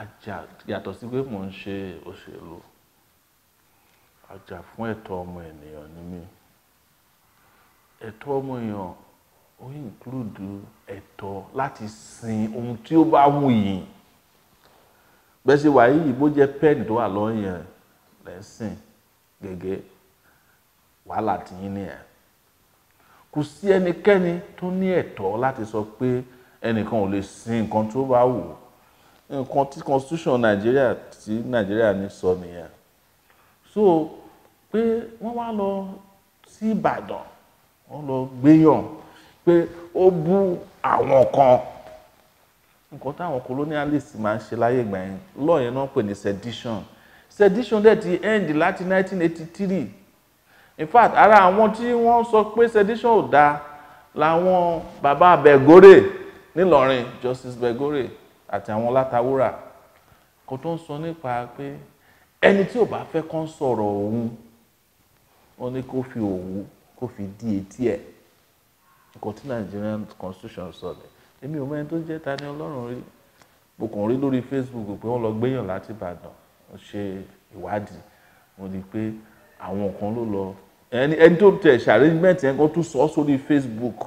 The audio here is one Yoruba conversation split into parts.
ajà yàtọ̀ sí pé mò ń ṣe òṣèlú ajà fún ẹ̀tọ́ ọmọ ènìyàn ni mí ẹ̀tọ́ ọmọ èèyàn ó include ẹ̀tọ́ láti sin ohun tí ó bá wù yín bẹ́ẹ̀ ṣe wà yìí bó jẹ́ pẹ́ẹ́nì tó wà lọ́yàn lẹ́sìn gẹ́gẹ́ wàhálà tìyín nìyẹn kò sí ẹnikẹ́ni tó ní ẹ̀tọ́ láti sọ pé ẹnìkan ò lè sin nǹkan tó bá wù ú nǹkan tí constitution nàìjíríà tí nàìjíríà ní sọ nìyẹn so pé wọ́n wá lọ sí ìbàdàn wọ́n lọ gbéyàn pé ó bú àwọn kan nǹkan táwọn colonialist máa ń ṣe láyé ìgbà yẹn lọ́ọ̀ yẹn náà pè ní sedition sedition dẹ̀ ti end láti 1983 in fact ara àwọn tí wọ́n sọ pé sedition ò dáa làwọn bàbá Begore nílọrin Justice Begore àti àwọn látàwúrà kò tó ń sọ nípa pé ẹni tí ò bá fẹ́ kán sọ̀rọ̀ òun wọ́n ní kó fi òwú kó fi di etí ẹ̀ nǹkan tí Nigerian constitution sọ ni èmi ò mẹ́ni tó jẹ́ Tani Ọlọ́run rí mo rí lórí Facebook pé wọ́n lọ gbéyàn láti Ìbàdàn wọ́n ṣe ìwádìí wọ́n rí i pé àwọn kan ló lọ ẹni ẹni tó tẹ̀ ṣe arrangement kan tún sọ ọ́ sórí Facebook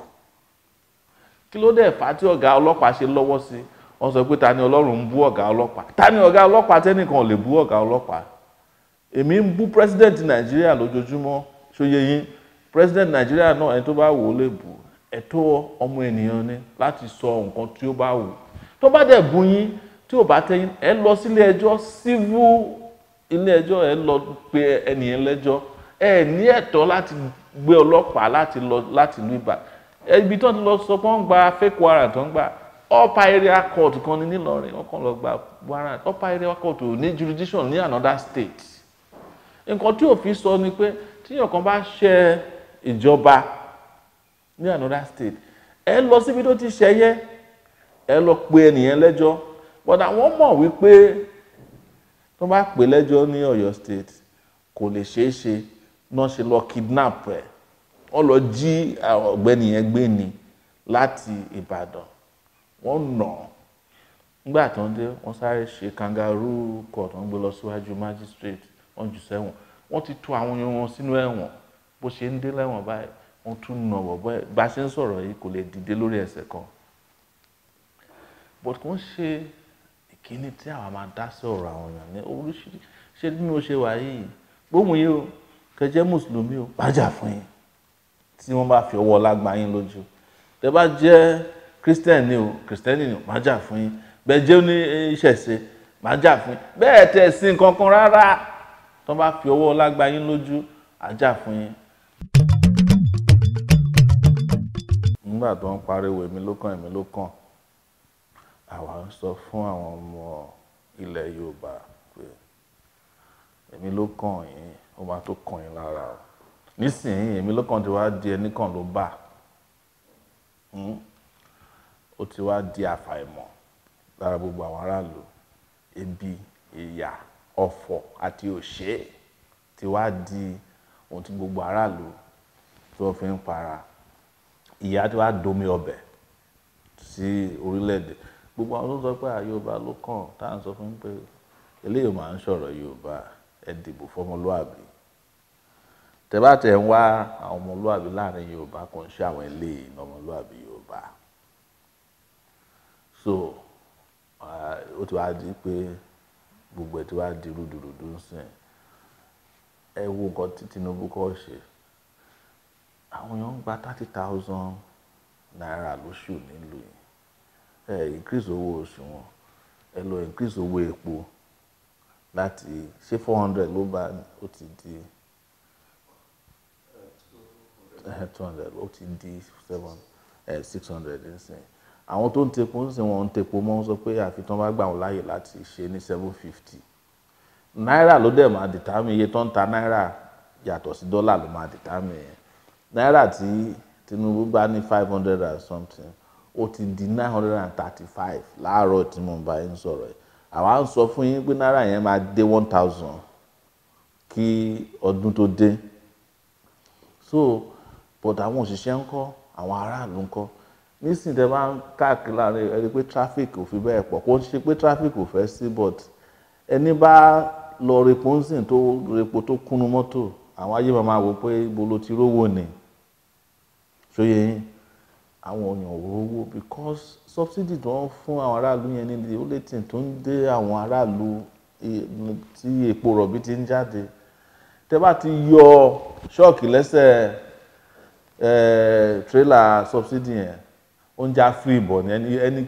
kí ló dẹ̀ fà á tí ọ̀gá ọlọ́pàá ṣe lọ́wọ́ sí i wọ́n sọ pé ta ni ọlọ́run ń bú ọ̀gá ọlọ́pàá ta ni ọ̀gá ọlọ́pàá tẹ́nìkan ò lè bú ọ̀gá ọlọ́pàá èmi ń bú president nàìjíríà lójoojúmọ́ ṣóye yín president nàìjíríà náà ẹni tó bá wò ó lè bù ẹ̀tọ́ ọmọ ènìyàn ni láti sọ nǹkan tí ó bá wù tó bá dẹ̀ bú yín tí ò bá tẹ́yìn ẹ lọ sílé ẹjọ́ civil ilé ẹjọ́ ẹ lọ pe ẹnìyẹn lẹ́jọ́ ẹ ní ẹ̀tọ́ láti gbé ọlọ́pàá láti lọ láti lù ìbà ibi tó ń lọ sọ pé wọ́n ń gba fake warrant tó gbà upper area court kan ní nílọrin wọn kàn lọ gba warrant upper area court ò ní jurisdiction ní another state nǹkan tí òfin sọ ni pé tíyàn kan bá ṣe ìjọba ní another state ẹ lọ síbi tó ti ṣẹyẹ ẹ lọ pe ẹnìyẹn lẹ́jọ́ but àwọn mọ̀ wípé tó bá pè lẹ́jọ́ ní Ọ̀yọ́ state kò lè ṣeé ṣe náà ṣe lọ kidnap ẹ wọ́n lọ jí ọ̀gbẹ́ni yẹn gbé ni láti Ìbàdàn wọ́n nà án nígbà tó ń dé wọ́n sáré ṣe kangaroo court wọ́n gbé lọ síwájú magistrate wọ́n jù sẹ́wọ̀n wọ́n ti tú àwọn yẹn wọn sínú ẹ̀wọ̀n bó ṣe ń dé lẹ́wọ̀n báyìí wọ́n tún nà bọ̀bọ́ ẹ̀ bá ṣe ń sọ̀rọ̀ yìí kò lè dìde lórí ẹsẹ̀ kan but kò ń ṣe ìkíni tí àwa máa dá sí ọ̀rọ̀ àwọn èèyàn ní oríṣiríṣi ṣé bí ṣe wà yìí gbóhùn yìí o kẹjẹ mùsùlùmí o bá jà fún yín tí wọ́n bá fi ọwọ́ lágbá yín lójú tẹ bá jẹ́ christian ni o christian ni o máa jà fún yín bẹ́ẹ̀ jẹ́ ní ìṣẹ̀ṣe máa jà fún yín bẹ́ẹ̀ tẹ̀ sí kankan rárá tó bá fi ọwọ́ lágbá yín lójú àjà fún yín. nígbà tó ń pariwo èmi ló kàn èmi ló kàn àwa ń sọ fún àwọn ọmọ ilẹ̀ yorùbá pé èmi ló kàn yín ó máa tó kàn yín lára o nísìnyí èmi ló kàn ti wá di ẹnìkan ló bà ó ti wá di àfàìmọ̀ lára gbogbo àwọn aráàlú ebi ìyà ọ̀fọ̀ àti òṣè ti wá di ohun tí gbogbo aráàlú tí wọ́n fi ń para ìyà ti wá domi ọbẹ̀ sí orílẹ̀-èdè gbogbo àwọn tó sọ pé Yorùbá ló kàn tá à ń sọ fún pé eléyìí máa ń sọ̀rọ̀ Yorùbá ẹ dìbò fọmọlúàbí tẹ bá tẹ ń wá àwọn ọmọlúàbí láàrin Yorùbá kò ṣe àwọn eléyìí ní ọmọlúàbí Yorùbá so uh, ó ti wá di pé gbogbo ẹ̀ ti wá di rúdurùdu sìn ẹ wo nǹkan tí Tinubu kọ́ ṣe àwọn èèyàn ń gba thirty thousand naira lóṣù nílùú yìí ẹ increase owó oṣù wọn ẹ lọ increase owó epo láti ṣé four hundred ló bá ó ti di two hundred ó ti di seven six hundred nísìnyí àwọn tó ń tepo sì wọ́n ń tepo mọ́ sọ pé àfi tán bá gbà wọ́n láàyè láti ṣe ní seven fifty náírà ló dẹ̀ máa dìtámì iye tó ń ta náírà yàtọ̀ sí dọ́là ló máa dìtámì yẹn náírà tí Tinubu bá ní five hundred and something ó ti di nine hundred and thirty five láàárọ̀ tí mo bá yín sọ̀rọ̀ yìí àwa ń sọ fún yín pé náírà yẹn máa dé one thousand kí ọdún tó dé so but àwọn òṣìṣẹ́ ń kọ́ àwọn aráàlú ń kọ́ nísìnyí tẹ bá ń káàkiri láàrin ẹni pé traffic ò fi bẹ́ẹ̀ pọ̀ kó ń ṣe pé traffic ò fẹ́ sí but ẹni bá lọ repo ń sìn tó repo tó kúnnú mọ́tò àwọn ayé máa máa wò pé ibo ló ti rówó ni ṣóyè yín àwọn èèyàn rówó because subsidy tó ń fún àwọn aráàlú yẹn ní the only thing tó ń dé àwọn aráàlú e, tí epo rọ̀bì ti ń jáde tẹ bá ti yọ ṣọ́ọ̀kì lẹ́sẹ̀ tírélà subsidy yẹn oúnjẹ àfihìbọ̀ ni ẹni ẹni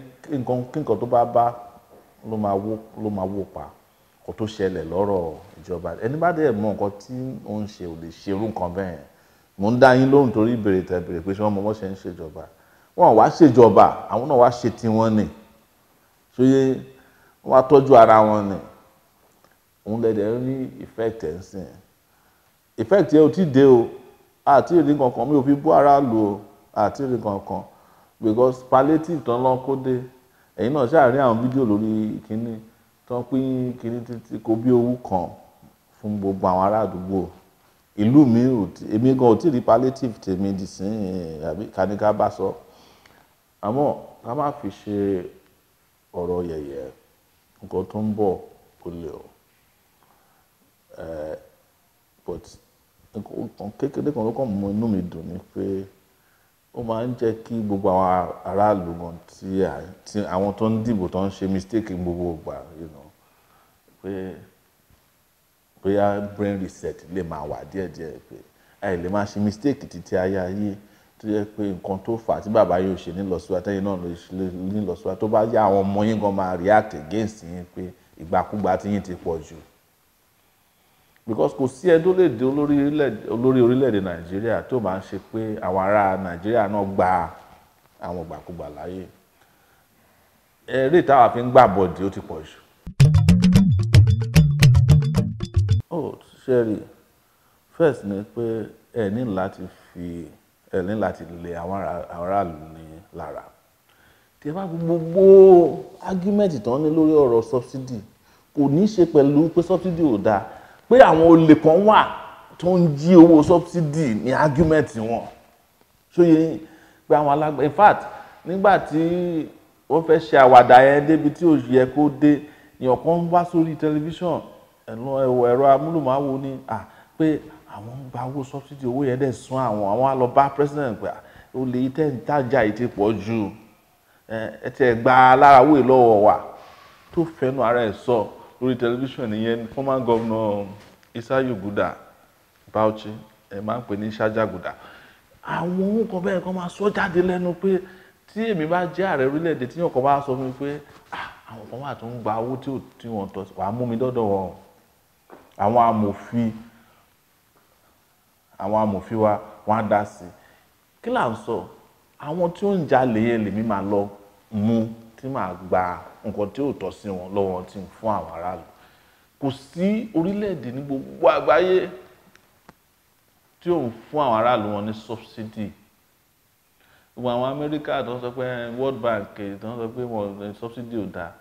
nǹkan kíkan tó bá bá ló máa wó ló máa wó pa kó tó ṣẹlẹ̀ lọ́rọ̀ ìjọba ẹni bá dẹ̀ mọ nǹkan tí ó ń ṣe ò lè ṣe irú nǹkan bẹ́ẹ̀ mò ń dá yín lóhùn torí ìbèrè tẹ̀ bèrè pé ṣé wọ́n mọ wọ́n ṣe ń ṣèjọba wọn wá ṣèjọba àwọn náà wá ṣe tiwọn ni ṣóyè wọn wá tọ́jú ara wọn ni òun lẹ́dẹ̀ rí effect ẹ̀ ń sìn effect yẹn ò tí ì dé o àti ìrìn kankan mi ò fi bú ara lù o àti ìrìn kankan because palliative tán lọ́n kó dé ẹ̀yin náà ṣáà rí àwọn fídíò lórí kínní tán pín kínní títí kó bí owó kan fún gbogbo àwọn ará àdúgbò ìlú mi ò tí èmi gan ò tí ì rí palliative tèmi dì sí àbí kaníká bá sọ àmọ́ ká má fi ṣe ọ̀rọ̀ yẹ̀yẹ̀ nǹkan tó ń bọ̀ kò lè o but nǹkan kékeré kan ló kàn mú inú mi dùn ni pé ó máa ń jẹ́ kí gbogbo àwọn aráàlú gan tí àwọn tó ń dìbò tó ń ṣe mistake gbogbo ìgbà pé bóyá brain reset lè máa wà díẹ̀díẹ̀ pé ẹ lè máa ṣe mistake títí ayé ayé tó yẹ pé nǹkan tó fà á tí bàbá yóò ṣe nílọsíwájú tẹ́yìn náà nílọsíwájú tó bá yá àwọn ọmọ yín gan máa react against yín pé ìgbàkúgbà tí yín ti pọ̀ jù because kò sí ẹni tó lè di olórí orílẹ̀-èdè nàìjíríà tó máa ń ṣe pé àwọn ará nàìjíríà náà gba àwọn ìgbàkúgbà láàyè eré ìtawà fi ń gbà bọ̀dì ó ti pọ̀ jù. ó ṣẹ́rí first ni pé ẹ ní láti fi ẹ ní láti lè àwọn aráàlú ní lára tí ẹ bá gbogbo argument tán ní lórí ọ̀rọ̀ subsidy kò ní í ṣe pẹ̀lú pé subsidy ò dáa pé àwọn olè kan wà tó ń jí owó subsidy ní argument wọn ṣóye yín pé àwọn alágbà in fact nígbà tí wọ́n fẹ́ ṣe àwàdà yẹn débi tí ò yẹ kó dé èèyàn kan wá sórí tẹlifíṣàn ẹ̀rọ ẹ̀rọ amúlùmáwo ni pé àwọn ń gba owó subsidy owó yẹn dẹ̀ sún àwọn àwọn á lọ bá president pé olè tẹ̀ ń tàjà ètè pọ̀ jù ẹ tẹ̀ gba alárawó ìlọ́wọ́ wa tó fẹ́nu ara ẹ̀ sọ. So lórí tẹlifíṣàn nìyẹn former governor Isaiah Guda Bauchi ẹ máa ń pè ní Saja Guda àwọn ohun kan bẹ́ẹ̀ kan máa sọ jáde lẹ́nu pé tí èmi bá jẹ́ ààrẹ orílẹ̀-èdè tí yàn kan bá sọ fún mi pé ah, àwọn kan wà tó ń gba owó tí wọ́n tọ́ wàá mú mi dọ́dọ̀ wọn àwọn amòfin àwọn amòfin wa wọ́n á dá sí i kí là ń sọ àwọn tí ó ń jalè yẹn lèmi máa lọ mú tí màá gba nǹkan tí ò tọ́ sí wọn lọ́wọ́ tí ń fún àwọn aráàlú kò sí orílẹ̀-èdè ní gbogbo àgbáyé tí ò ń fún àwọn aráàlú wọn ní subsidy gbogbo àwọn Amẹ́ríkà tó ń sọ pé eh, World Bank tó ń sọ pé wọn eh, subsidy ò dáa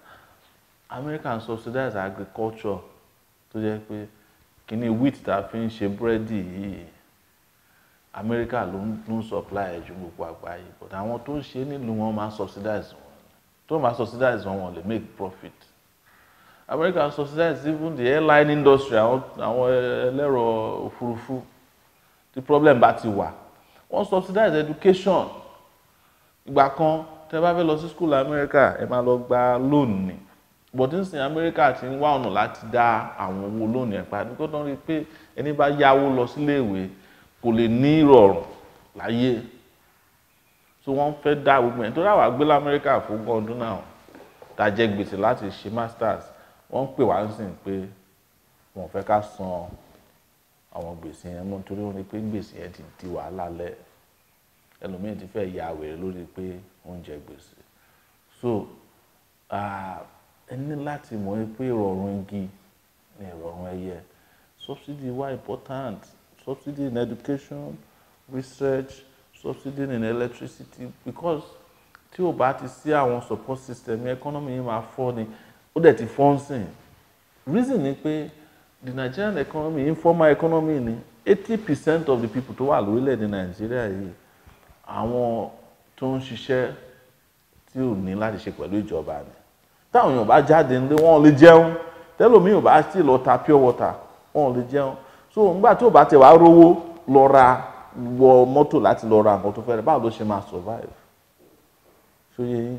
Amẹ́ríkà ń subsidize agriculture tó jẹ́ pé kínní wheat tá a fi ń ṣe búrẹ́dì yìí Amẹ́ríkà ló ń supply ẹ̀ ju gbogbo àgbáyé but àwọn tó ń ṣe nílùú wọn máa subsidize wọn tó máa subsidize wọn wọn lè make profit American subsidize even the airline industry àwọn àwọn ẹlẹ́rọ òfurufú The problem bá ti wà wọ́n subsidize education ìgbà kan tẹ́ bá fẹ́ lọ sí school America ẹ máa lọ gba loan ni but ní sin America ti ń wá ọ̀nà láti dá àwọn owó loan yẹn padà nígbà tó ń rí i pé ẹni bá yáwó lọ síléèwé kò lè ní ìrọ̀rùn láyé so wọ́n fẹ́ dá gbogbo yẹn tó dáwà gbé lamẹ́ríkà fún ọdún náà tá jẹ gbèsè láti ṣe masters wọ́n pè wá ń sìn pé wọ́n fẹ́ ká san àwọn gbèsè yẹn mọ́ torí wọ́n ní pé gbèsè yẹn ti di wàhálà lẹ̀ ẹlòmíín ti fẹ́ ya wèrè lórí pé oúnjẹ gbèsè so ẹ ní láti mọ̀ pé ìrọ̀rùn igi ni ìrọ̀rùn ẹyẹ subsidy wà important subsidy in education research subsidy in electricity because tí ò bá ti sí àwọn support system economy yìí máa fọ́ ni ó dẹ̀ ti fọ́ ń sìn reason ni pé the Nigerian economy informal economy ni eighty percent of the people tó wà lórílẹ̀‐èdè Nàìjíríà yìí àwọn tó ń ṣiṣẹ́ tí ò ní láti ṣe pẹ̀lú ìjọba ni táwọn èèyàn bá jáde ńlé wọn lè jẹun tẹlómi ò bá sì lọ ta pure water wọn lè jẹun so nígbà tó bá tẹ wá rówó lọ ra wọ mọ́tò láti lọ ra nǹkan tó fẹ́ rẹ̀ báwo ló ṣe máa survive ṣòye yín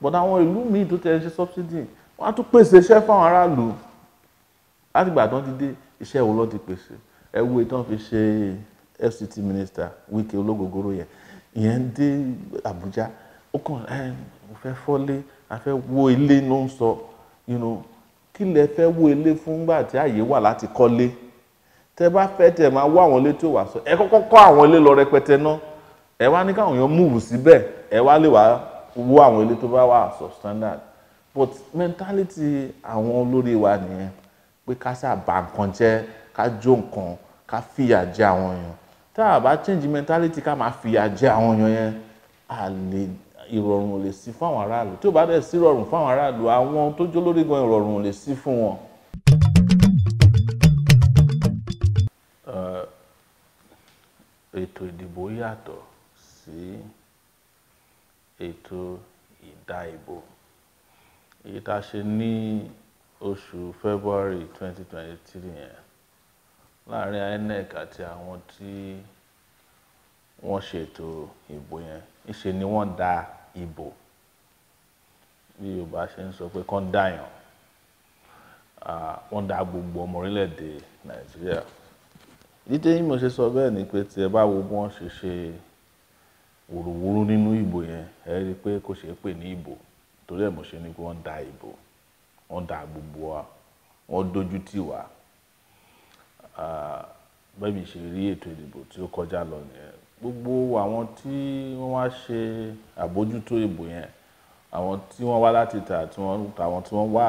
bọ̀dọ̀ àwọn ìlú míì tó tẹ̀lé ṣe subsidy wọ́n á tún pèsè iṣẹ́ fáwọn aráàlú láti ìgbà tó ti dé iṣẹ́ wo ló ti pèsè ẹ wo ìtàn fi ṣe fct minister Wike ológogoro yẹn ìyẹn dé Àbújá ó kàn ẹ mo fẹ́ fọ́lé a fẹ́ wo ilé ló ń sọ kí lẹ fẹ́ wo ilé fúngbà tí àyè wà láti kọ́lé. You know, tẹ bá fẹ́ tẹ máa wá àwọn ilé tí ò wá sọ ẹ kọ́kọ́ kọ́ àwọn ilé lọ rẹpẹtẹ náà ẹ wá ní káwọn èèyàn múùbù síbẹ̀ ẹ wá lè wá wó àwọn ilé tó bá wà substandard but mentality àwọn olórí wa nìyẹn pé ká sáà bà nǹkan jẹ́ ká jó nǹkan ká fìyà jẹ àwọn èèyàn tá a bá change mentality ká máa fìyà jẹ àwọn èèyàn yẹn à lè ìrọ̀rùn ò lè sí fún àwọn aráàlú tí ò bá dẹ̀ sí ìrọ̀rùn fún àwọn aráàlú àwọn tó jó lórí gan ìrọ̀rùn lè sí fún wọn. ètò ìdìbò yàtọ̀ sí ètò ìdá ìbò èyí tá a ṣe ní oṣù February 2023 yẹn láàrin INEC àti àwọn tí wọ́n ṣètò ìbò yẹn ńṣe ni wọ́n da ìbò bí Yorùbá ṣe ń sọ pé kọ́ńdàyàn wọ́n da gbogbo ọmọ orílẹ̀-èdè Nàìjíríà ìdíje yìí mo ṣe sọ bẹ́ẹ̀ ni pé tí ẹ bá wo bí wọ́n ṣe ṣe wùrùwùrù nínú ìbò yẹn ẹ rí i pé kò ṣeé pè ní ìbò torí ẹ̀ mo ṣe ni pé wọ́n da ìbò wọ́n da gbogbo wa wọ́n dojú tì wá bẹ́ẹ̀ mi ṣe rí ètò ìdìbò tí ó kọjá lọ nìyẹn gbogbo àwọn tí wọ́n wá ṣe àbójútó ìbò yẹn àwọn tí wọ́n wá láti tà àwọn tí wọ́n wá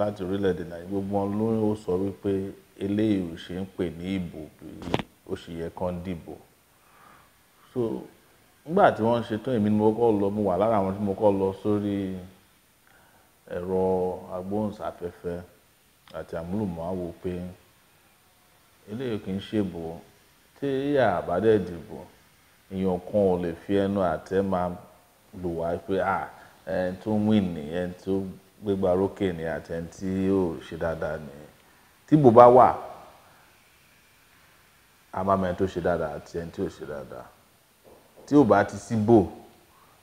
láti orílẹ̀-èdè Nàìjíríà gbogbo wọn ló sọ wípé eléyìí ò ṣe ń pè ní ìbò ó ṣe yẹ kán dìbò so nígbà tí wọ́n ṣe tán èmi ni mo kọ́ lọ mo wà lára àwọn tí mo kọ́ lọ sórí ẹ̀rọ agbóhùnsáfẹ́fẹ́ àti àmúlùmọ́àwò pé eléyìí kì í ṣèbò tí àbádẹ́ dìbò èèyàn kan ò lè fi ẹnu àtẹ́ máa lò wá pé à ẹni tó win ni ẹni tó gbégbá rókè ni àti ẹni tí ò ṣe dáadáa ni tí bò bá wà a máa mọ ẹni tó ṣe dáadáa àti ẹni tí ò ṣe dáadáa tí ò bá ti sí bò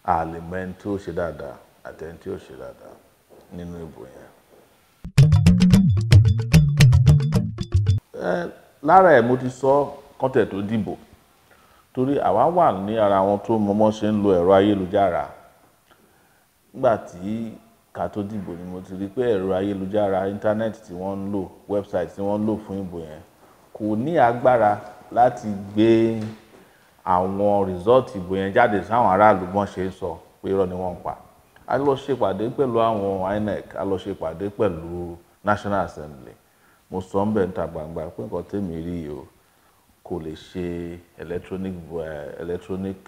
a lè mọ ẹni tó ṣe dáadáa àti ẹni tí ṣe dáadáa nínú ìbò yẹn. lára ẹ̀ mo ti sọ kọ́tẹ̀ tó dìbò torí àwa wà ní ara àwọn tó mọmọ ṣe ń lo ẹ̀rọ ayélujára nígbà tí ká tó dìbò ni mo ti rí pé ẹ̀rọ ayélujára íńtánẹ́ẹ̀tì tí wọ́n ń lò wẹ́bsáìtì tí wọ́n ń lò fún ìbò yẹn kò ní agbára láti gbé àwọn rìsọ́ọ̀tì ìbò yẹn jáde sáwọn aráàlú bọ́n ṣe ń sọ pé irọ́ ni wọ́n ń pa a lọ ṣèpàdé pẹ̀lú àwọn INEC a lọ ṣèpàdé pẹ̀lú National Assembly mo sọ ń bẹ̀ níta gbangba pé nǹkan tèmi rí o kò lè ṣe electronic uh, electronic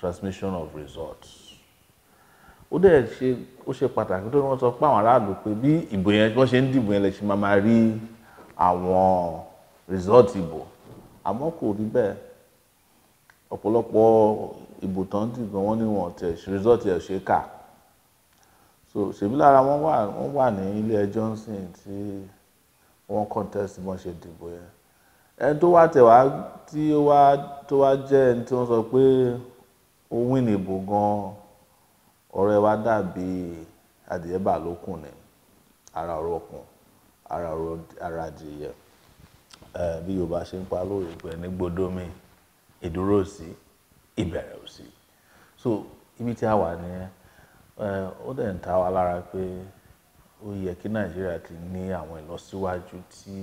transmission of results ó dẹ̀ ṣe ó ṣe pàtàkì tó ní wọ́n sọ pé àwọn aráàlú pé bí ìbò yẹn wọ́n ṣe ń dìbò yẹn lè ṣe máa máa rí àwọn result ìbò àmọ́ kò rí bẹ́ẹ̀ ọ̀pọ̀lọpọ̀ ìbò tó ń dìbò wọ́n ní wọn tẹ̀ ṣe result ẹ̀ ṣe kà so ṣèbí lára wọn wà wọn wà ní ilé ẹjọ́ nsìn tí wọ́n contest bí wọ́n ṣe dìbò yẹn ẹni tó wá tẹ̀ wá tí ó wá tó wá jẹ́ ẹni tí wọ́n sọ pé ó win ìbò gan-an ọ̀rọ̀ ẹ wá dàbí adìyẹ bà lókùn ni ara ọ̀rọ̀ ọkùn ara ọ̀rọ̀ ara adìyẹ bí Yorùbá ṣe ń pa lórí pé ní gbódómì ìdúró sí ìbẹ̀rẹ̀ so ibi tí a wà nìyẹn ó dẹ̀ ń ta wa lára pé ó yẹ kí Nàìjíríà ti ní àwọn ìlọsíwájú tí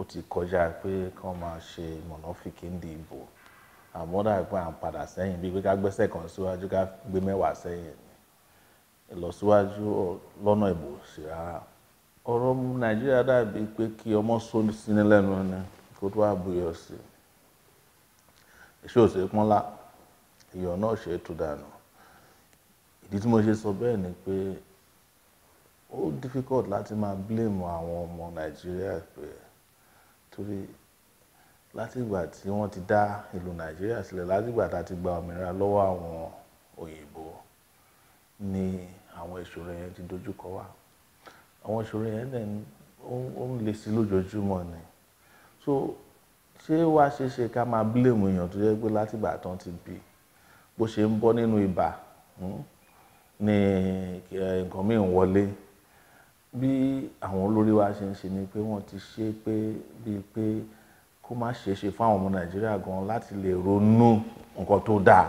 ó ti kọjá pé kí wọ́n máa ṣe mọ̀nàfíkì ìbò àmọ́ dàbí pé à ń padà sẹ́yìn bíi pé ká kan síwájú ká gbé mẹ́wàá sẹ́yìn ìlọsíwájú lọ́nà ìbò sí rárá ọ̀rọ̀ nàìjíríà dàbí pé kí ọmọ sọ sínú lẹ́nu ni kó tó wá buyọ̀ sí i iṣẹ́ òṣèré pọ́nlá ìyọ̀ náà ṣe é tú dànù ìdí tí mo ṣe sọ bẹ́ẹ̀ ni pé ó difficult láti máa blame àwọn ọmọ nàìjíríà pé torí látìgbà tí wọ́n ti dá ìlú nàìjíríà sílẹ̀ látìgbà tá a ti gba òmìnira lọ́wọ́ àwọn òyìnbó ni àwọn ìṣòro yẹn ti dojúkọ wá àwọn ìṣòro yẹn dẹ̀ ó ń le sí lójoojúmọ́ ni so ṣé wàá ṣe ṣe ká máa bílèmù èèyàn tó yẹ pé látìgbà tán ti bì bó ṣe ń bọ́ nínú ibà hmm, ni nǹkan mi ń wọlé bí àwọn olórí wa ṣe ń ṣe ni pé wọ́n ti ṣe pé bíi pé kó má ṣeé ṣe fún àwọn ọmọ nàìjíríà gan láti lè ronú nǹkan tó dáa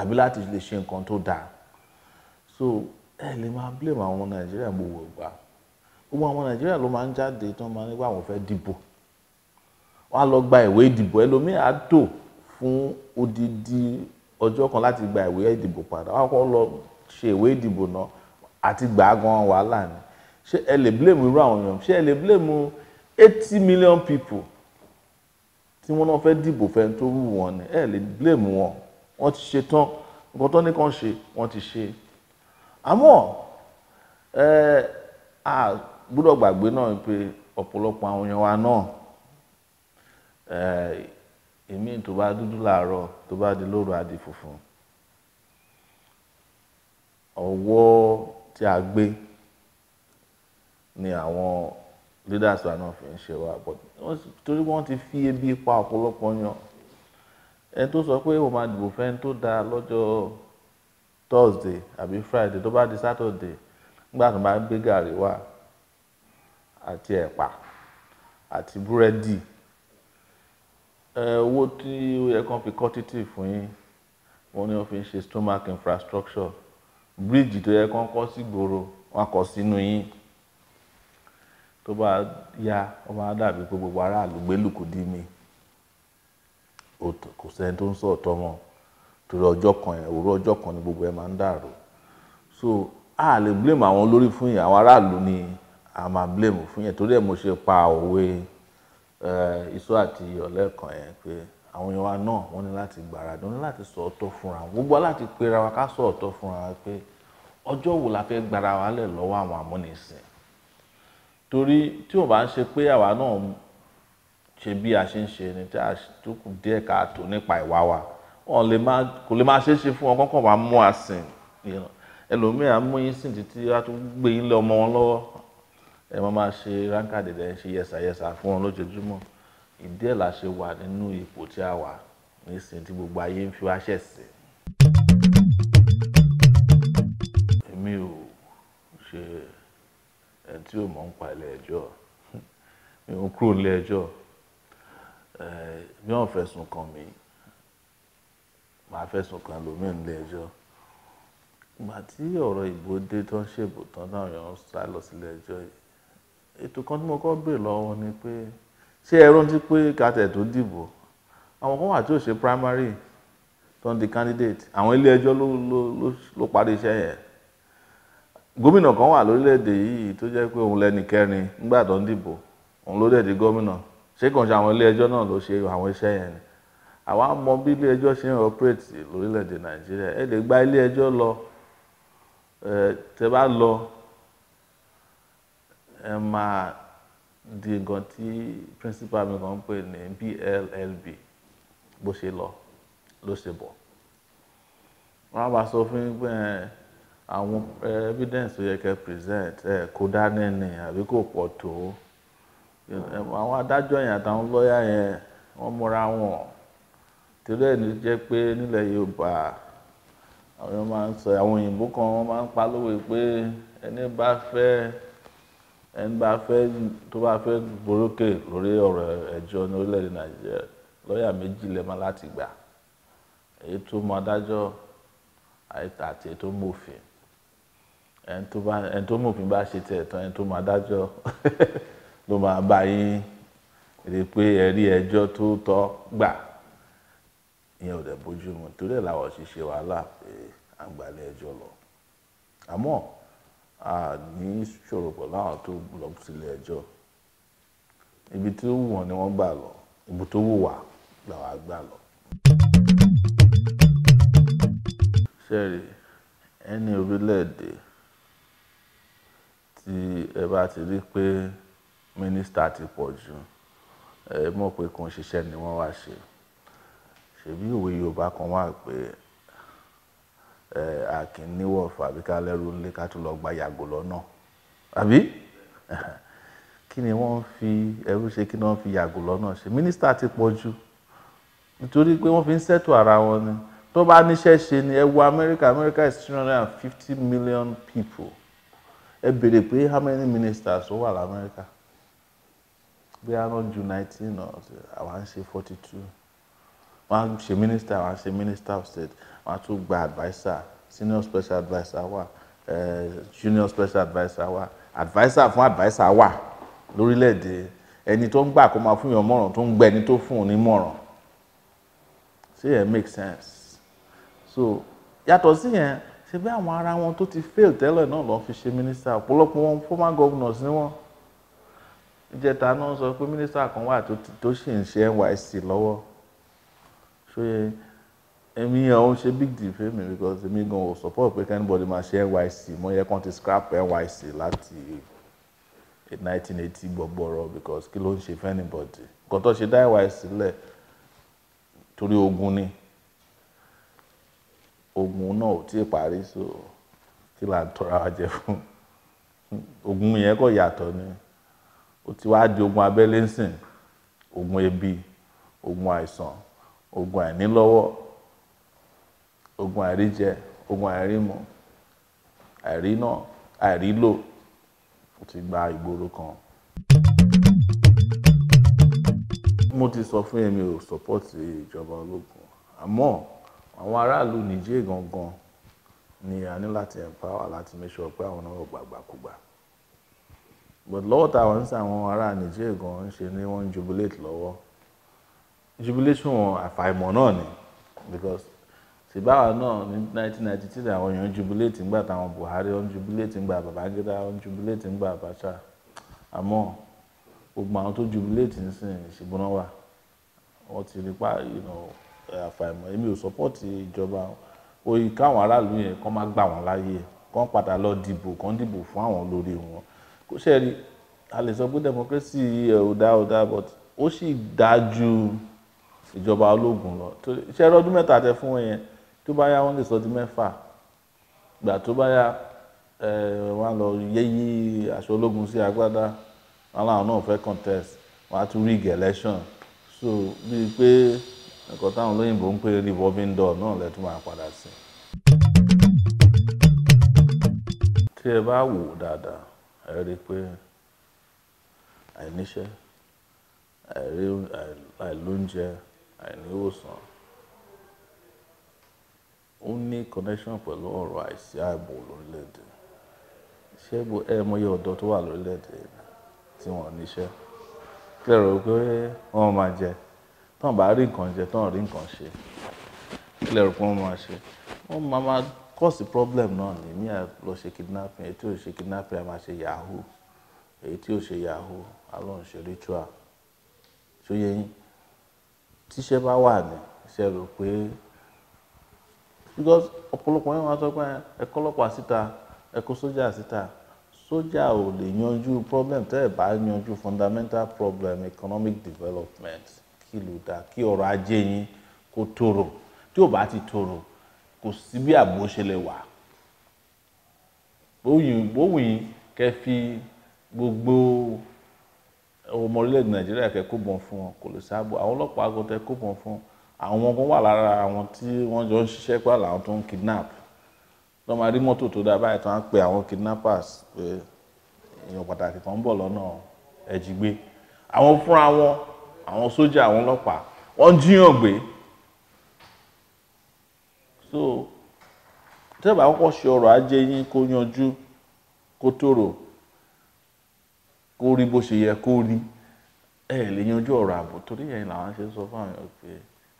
àbí láti lè ṣe nǹkan tó dáa so ẹ lè máa blame àwọn ọmọ nàìjíríà gbogbo ìgbà gbogbo àwọn nàìjíríà ló máa ń jáde tó máa ń nípa àwọn fẹ́ dìbò wọ́n á lọ gba ìwé ìdìbò ẹlòmíì á tò fún odidi ọjọ́ kan láti gba ìwé ìdìbò padà wọ́n á kọ́ lọ ṣe ìwé ìdìbò náà àti gbà á gan wàhálà ni ṣé ẹ lè blame irú àwọn èèyàn ṣé ẹ lè blame eighty million people tí wọ́n náà fẹ́ dìbò fẹ́ tó wù wọ́n ni ẹ lè blame wọn wọ́n ti ṣe tán nǹkan tó ní kàn ṣe wọ́n ti ṣe é àmọ́ ẹ a gbọ́dọ̀ gbàgbé náà pé ọ̀pọ̀lọpọ̀ àwọn èèyàn wa náà ẹ èmi tó bá dúdú làárọ̀ tó bá di lóru á di funfun ọwọ́ tí a gbé ni àwọn leaders wa náà fi ń ṣe wa torí wọ́n ti fi ebi pa ọ̀pọ̀lọpọ̀ yan ẹni tó sọ pé òun máa dìbò fẹ́ni tó dáa lọ́jọ́ thursday àbí friday tó bá di saturday nígbà tó máa ń gbé gàrí wá àti ẹ̀pà àti búrẹ́dì owó tí ó yẹ kán fi kọ́títì fún yín wọ́n ní wọ́n fi ń ṣe stomach infrastructure bíríìjì tó yẹ kán kọ́ sí gbòòrò wọ́n kọ́ sínú yín tó bá yá wọ́n máa dàbí pé gbogbo aráàlú gbélùkù dí mi kò sẹ́ni tó ń sọ̀tọ̀ mọ́ torí ọjọ́ kan yẹn òru ọjọ́ kan ni gbogbo ẹ máa ń dàrú so a lè blame àwọn olórí fún yẹn àwọn aráàlú ni a máa blame fún yẹn torí ẹ mo ṣe pa òwe iṣu eh, àti iyọ̀ lẹ́ẹ̀kan yẹn pé àwọn èèyàn wa náà wọ́n ní láti gbáradì wọ́n ní láti sọ ọ̀tọ̀ fúnra wọn gbogbo aláti pera wa ká sọ ọ̀tọ̀ fúnra wa pé ọjọ́ wo la fẹ́ gbára wa lẹ̀ lọ́wọ́ àwọn amúnisìn torí tí ò bá ń ṣe pé àwa náà ṣe bí a ṣe ń ṣe ni tí a tó kù díẹ̀ káàtó nípa ìwà wa wọn lè máa kò lè máa ṣeé ṣe fún wọn kọ́kọ́ wàá mú àsìn ẹlòmíì á mú yín sìn títí á tún gbé yín lé ọmọ wọn lọ́wọ́ ẹ máa máa ṣe ránkà dẹ̀dẹ̀ ṣe yẹsàyẹsà fún wọn lójoojúmọ́ ìdí ẹ̀ la ṣe wà nínú ipò tí a wà nísìn tí gbogbo ayé ń fi wá ṣẹ̀sìn. èmi ò ṣe ẹni tí ò mọ̀ ń pa ilé ẹjọ́ mi ò kúrò nílé ẹjọ́ mi ò fẹ̀sùn kàn mí màá fẹ̀sùn kan lómi nílé ẹjọ́ ìgbà tí ọ̀rọ̀ ìbò dé tó ń ṣèbò tán náà yàn ń sá lọ sílé ẹjọ́ ètò kan tí mo kọ́ béèrè lọ́wọ́ ni pé ṣé ẹ rántí pé kàtẹ́ tó dìbò àwọn kan wà tí ò ṣe primary tó ń di candidate àwọn ilé ẹjọ́ ló ló ló parí iṣẹ́ yẹn gómìnà kan wà lórílẹ̀‐èdè yìí tó jẹ́ pé òun lẹ́ni kẹrin nígbà tó ń dìbò òun ló dẹ̀ di gómìnà ṣé kàn ṣe àwọn ilé ẹjọ́ náà ló ṣe àwọn iṣẹ́ yẹn ni àwa mọ bí ilé ẹjọ́ ṣe ń operate lórílẹ̀‐èdè nàìjíríà ẹ lè gba ilé ẹjọ́ lọ ẹ tẹ bá lọ ẹ máa di nǹkan tí principal mi kan ń pè ní BLLB bó ṣe lọ ló ṣe bọ̀ wọ́n á bá sọ fún yín pé àwọn evidence tó yẹ kẹ́ present ẹ kó dání ni àbí kò pọ̀ tó àwọn adájọ́ yẹn àtàwọn lọ́ọ̀yà yẹn wọ́n múra wọn torí ẹni jẹ́ pé nílẹ̀ Yorùbá àwọn èèyàn máa ń sọ àwọn òyìnbó kan wọ́n máa ń pa lówe pé ẹni bá fẹ́ ẹni bá fẹ́ tó bá fẹ́ gbórókè lórí ọ̀rọ̀ ẹjọ́ ní orílẹ̀-èdè Nàìjíríà lọ́ọ̀yà méjì lẹ́mọ́ láti gbà èyí tó mọ adájọ́ àti èyí tó mòfin ẹni tó bá ẹni bá ṣe tiẹ̀ tán ẹni tó mọ adájọ́ ló máa bá yín rí i pé ẹ̀rí ẹjọ́ tó tọ́ gbà ìyẹn ò dẹ̀ bójú mu torí ẹ̀ làwọn ṣiṣẹ́ wàhálà pé àgbàlẹ̀ ẹjọ́ lọ àmọ́ a ní ṣòro pọ̀ láwọn tó lọ sílé ẹjọ́ ibi tí ó wù wọ́n ni wọ́n gbà lọ ibi tó wù wá làwọn àgbà lọ. ṣẹ́ẹ̀rì ẹni orílẹ̀-èdè tí ẹ bá ti rí pé mínísítà ti pọ̀ jù ẹ mọ̀ pé kò ń ṣiṣẹ́ ni wọ́n wá ṣe ṣebí òwe yorùbá kan wà pé ẹ àkínníwọ̀ fàbí ká lẹ́rú ńlé ká tún lọ gba yàgò lọ́nà àbí kí ni wọ́n fi ẹrú ṣe kí ni wọ́n fi yàgò lọ́nà ṣe mínísítà ti pọ̀ jù nítorí pé wọ́n fi ń ṣètò ara wọn ni tó bá níṣẹ́ ṣe ni ẹ wo America America is three hundred and fifty million people ẹ béèrè pé how many ministers ó wà america, bí i around ju nineteen àwọn à ń ṣe forty two wọ́n á ṣe minister wọ́n á ṣe minister of state wọ́n á tún gba adviser senior special adviser wà junior special adviser wà adviser fún adviser wà lórílẹ̀‐èdè ẹni tó ń gbà kó máa fún yàn mọ̀ràn tó ń gbẹ ẹni tó fún un ní mọ̀ràn ṣé yẹn make sense so yàtọ̀ sí yẹn ṣe bí àwọn ará wọn tó ti fail tẹ́lẹ̀ náà lọ́ọ́ fi ṣe minister ọ̀pọ̀lọpọ̀ wọn former governors ni wọ́n ìjẹta náà sọ pé minister kan wà tó ṣì ń ṣe NYSC lọ́wọ́ So, ṣóyẹ èmi ọ̀hún ṣe big deal fún because èmi gan ò support pé anybody máa ṣe NYSC mo yẹ kàn ti scrap NYSC láti 1980 gbọ̀gbọ̀rọ̀ because kí ló ń ṣe fún anybody nǹkan tó ṣe dá NYSC sílẹ̀ torí ogun ni ogun náà ò tí ì parí so kí là ń tọ́ra wa jẹ fún ogun yẹn kò yàtọ̀ ni ó ti wá di ogun abẹ́lé ń sìn ogun ebi ogun àìsàn ogun àìnílọ́wọ́ ogun àìríjẹ ogun àìrímu àìrínà àìrílò ó ti gba ìgboro kan. mo ti sọ fún yẹn mi ò sọpọ́tì ìjọba ológun àmọ́ àwọn aráàlú nìjẹ́ gangan ni a ní láti empower láti make sure pé àwọn náà ò gbàgbàkúgbà but lọ́wọ́ táwọn ń sá àwọn ará nìjẹ́ gan ń ṣe ni wọ́n ń jubilate lọ́wọ́ jubilation àfàìmọ̀ náà ni because ṣìbáwa náà ní nineteen ninety three àwọn èèyàn jubilate ńgbà táwọn Buhari wọn jubilate ńgbà Babangida wọn jubilate ńgbà Abacha àmọ́ gbogbo àwọn tó jubilate nísìnyí ṣùgbọ́n wà wọ́n ti rí pa àfàìmọ̀ èmi ò sọ́pọ́ọ̀tì ìjọba oyin káwọn aráàlú yẹn kọ́ máa gbà wọ́n láàyè kọ́ padà lọ dìbò kọ́ dìbò fún àwọn olórí wọn kò ṣe rí a lè sọ pé democracy eh, ò dá ò dá but ó sì dájú ìjọba ológun lọ ṣẹ́rọ ọdún mẹ́ta tẹ fún wọn yẹn tó bá yá wọn lè sọ di mẹ́fà gbà tó bá yá wọn lọ yéyí aṣọ ológun sí agbádá wọn làwọn náà fẹ́ contest wọn á tún rig election so bíi pé ẹ̀kọ́ táwọn olóyìnbó ń pè revolving door náà lẹ́tún máa padà sí. tí ẹ bá wò dáadáa ẹ rí i pé àìníṣẹ́ àìlóúnjẹ àìní ìwòsàn ó ní connection pẹ̀lú ọ̀rọ̀ àìsí ààbò lórílẹ̀‐èdè ṣé bó ẹ mọyé ọ̀dọ́ tó wà lórílẹ̀‐èdè tí wọ́n níṣẹ́ kílẹ̀rọ pé wọ́n máa jẹ tán bá rí nǹkan jẹ tán rí nǹkan ṣe kílẹ̀rọ pé wọ́n máa ṣe wọ́n máa máa cause problem náà ní mí à lọ ṣe kidnapping èyí tí ò ṣe kidnapping a máa ṣe yahoo èyí tí ò ṣe yahoo a lọ ń ṣe ritual ṣó tíṣẹ́ bá wà ní ṣe rò pé because ọ̀pọ̀lọpọ̀ yẹn wọ́n sọ pé ẹ kó ọlọ́pàá síta ẹ sójà síta sójà ò lè yanjú problem tẹ́ ẹ̀ bá yanjú fundamental problem economic development kí ló dáa kí ọrọ̀ ajé yín kó tòrò tí ò bá ti tòrò kò sí bí ààbò ṣe lè wà bówùn yín kẹ́ fi gbogbo ọmọ orílẹ̀-èdè nàìjíríà kẹ́ kó bọ̀n fún wọn kò lè sáàbò àwọn ọlọ́pàá agọ́tẹ́ kó bọ̀n fún àwọn kan wà lára àwọn tí wọ́n jọ ń ṣiṣẹ́ pé àwọn tó ń kidnap lọ́ máa rí mọ́tò tó dáa báyìí tó ń pe àwọn kidnappers pé èèyàn pàtàkì kan ń bọ̀ lọ́nà ẹ̀jí gbé àwọn fúnra wọn àwọn sójà àwọn ọlọ́pàá wọ́n ń jíyàn gbé so tẹ́lẹ̀ bá kọ́kọ́ ṣe ọrọ̀ ajé yín kó yanjú kó tòrò kó rí bó ṣe yẹ kó rí ẹ lè yanjú ọ̀rọ̀ ààbò torí ẹ̀yin làwọn ṣe ń sọ fáwọn èèyàn pé